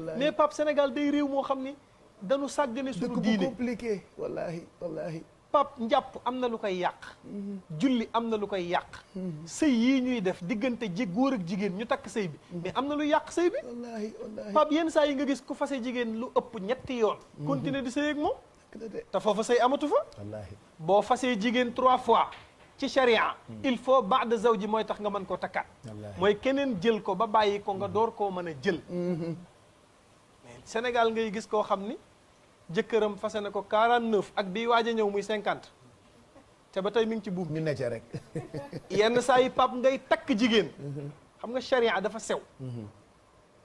mais Pape Sénégal day réew moo xam ni dañu sàggane suñu diine compliqué wallaahi njàpp am na lu koy yàq mhm. julli am na lu koy yàq mhm. sëy yi ñuy def diggante ji góor ak jigéen ñu takk sëy bi mhm. mais am na lu yàq sëy bi wallaahi yenn saa yi nga gis ku fase jigéen lu ëpp ñetti yoon continuer di sëy ak moom te foofa sëy amatu fa boo fasee jigéen trois fois ci charia il faut baada zawji mooy tax nga mën koo takkaat mooy keneen jël ko ba bàyyi ko nga door koo mën a jël Sénégal ngay gis koo xam ni jëkkëram fase na ko 49 ak bii waaj a ñëw muy cinquante te ba tey mi ngi ci buub ñu ne rek yenn saa yi pap ngay takk jigéen mhm. xam nga charia dafa sew mhm.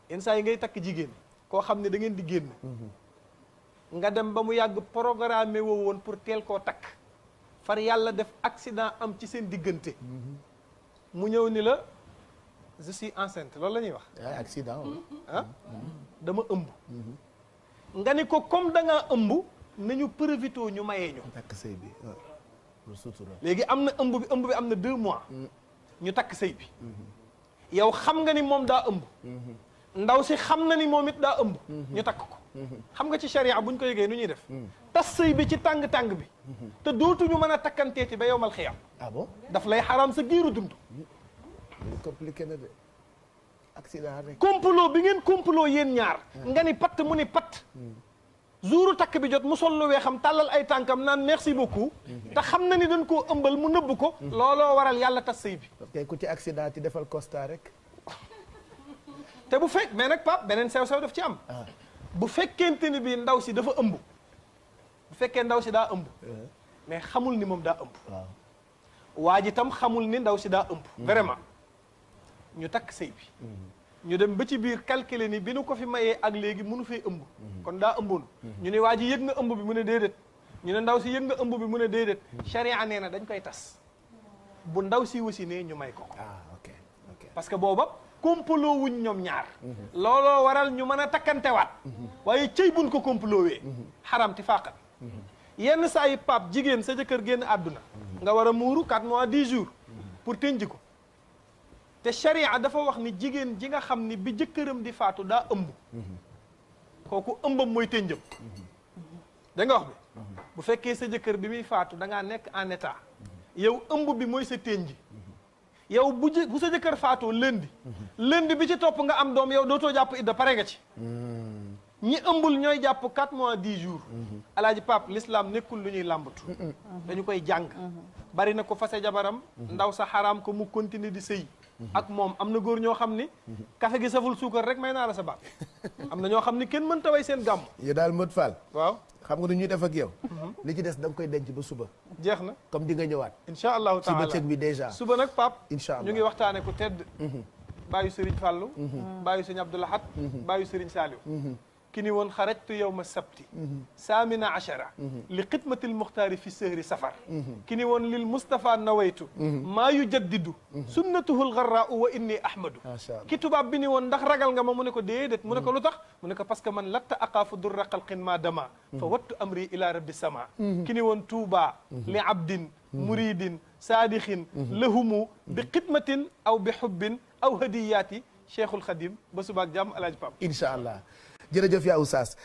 yenn saa yi ngay takk jigéen koo xam ne da ngeen di génn mhm. nga dem ba mu yàgg programme woo woon pour teel koo takk far yàlla def accident am ci seen diggante mu ñëw ni la je suis enceinte loolu la ñuy wax. Eh, accident ah dama ëmb. nga ni ko comme da ngaa ëmb nañu profité ñu mayee ñu. takk sëy bi léegi am na ëmb bi ëmb bi am na deux mois. Mm. ñu takk sëy bi. Mm-hmm. yow xam nga ni moom daa ëmb. Mm-hmm. ndaw si xam na ni moom it daa ëmb. Mm-hmm. ñu takk ko. xam nga ci charia ñu ko yëgee nu ñuy def. Mm. tas sëy bi ci tàng tàng bi. te dootuñu mën a takkanteeti ba yow mal xiyam. ah bon daf lay xaraam sa giiru dund. Mm. complot bi ngeen complot yéen ñaar. nga ni patt mu ni patt. zuuru takk bi jot musol sol lu weexam talal ay tànkam nan merci beaucoup. ta xam na ni dañ ko eumbal mu neub ko. lolo waral yàlla ta sëy bi. tey ku ci accident ci defal costa rek. te bu fek mais nak pap benen sew sew daf ci am. bu fekente ni bi ndaw si dafa eumbu bu fekke ndaw si da eumbu mais xamul ni mom da eumbu waa ji tam xamul ni ndaw si da eumbu vraiment. ñu tak sey bi mhm. ñu dem ba ci biir calculer ni bi ko fi maye ak legi mënu fi ëmb mhm. kon da ëmbul mhm. ñu ne waji yegg nga ëmb bi mëna dedet, ñu ne ndaw si yegg nga ëmb bi mëna dedet. sharia neena dañ koy tass bu ndaw si wusi ne ñu may ko ah, ok parce que wuñ ñom ñaar lolo waral ñu mëna a wat waye cey buñ ko comploowee xaram ti faaqat yenn say pap jigen sa jëkër génn aduna nga wara muru 4 mois 10 jours pour te sharia dafa wax ni jigéen ji nga xam ni bi jëkkëram di faatu daa ëmb kooku ëmbam mooy tënjëm da wax bi bu fekkee sa jëkkër bi muy faatu da ngaa nekk en état yow ëmb bi mooy sa tënji yow bu jë bu sa jëkkër faatoo lëndi lëndi bi ci topp nga am doom yow dootoo jàpp idda pare nga ci ñi ëmbul ñooy jàpp 4 mois di jours alaaji pap lislaam nekkul lu ñuy làmbatu dañu koy jàng bari na ko fase jabaram ndaw sa xaraam ko mu continuer di sëy Mm-hmm. ak moom am na góor ñoo xam ni kafe mm-hmm. gi saful suukar rek may naa la sa baat am na ñoo xam ni kenn mën ta way seen gàmm yow daal mot Fall waaw xam nga nu ñuy def ak yow mm-hmm. li ci des da koy denc ba suba jeex na comme di nga ñëwaat incha allahu taala ci bëccëg bi déjà suba nag Pape incha allah ñu ngi waxtaane ku tedd bàyyi Serigne Fallou bàyyi Serigne Abdoulahat bàyyi Serigne Saliou كني وان خرجت يوم السبت سامنا عشرة لقدمة المختار في سهر سفر كني وان للمصطفى نويت ما يجدد سنته الغراء وإني أحمد كتب ابني وان دخ رجل ما منك ديدت منك لطخ منك بسك من لا تأقاف در قلق ما دما فوت أمري إلى رب السماء كني وان توبا لعبد مريد صادق لهم بقدمة أو بحب أو هديات شيخ الخديم بسباك جام جباب إن شاء الله jërëjëf yaa oustaz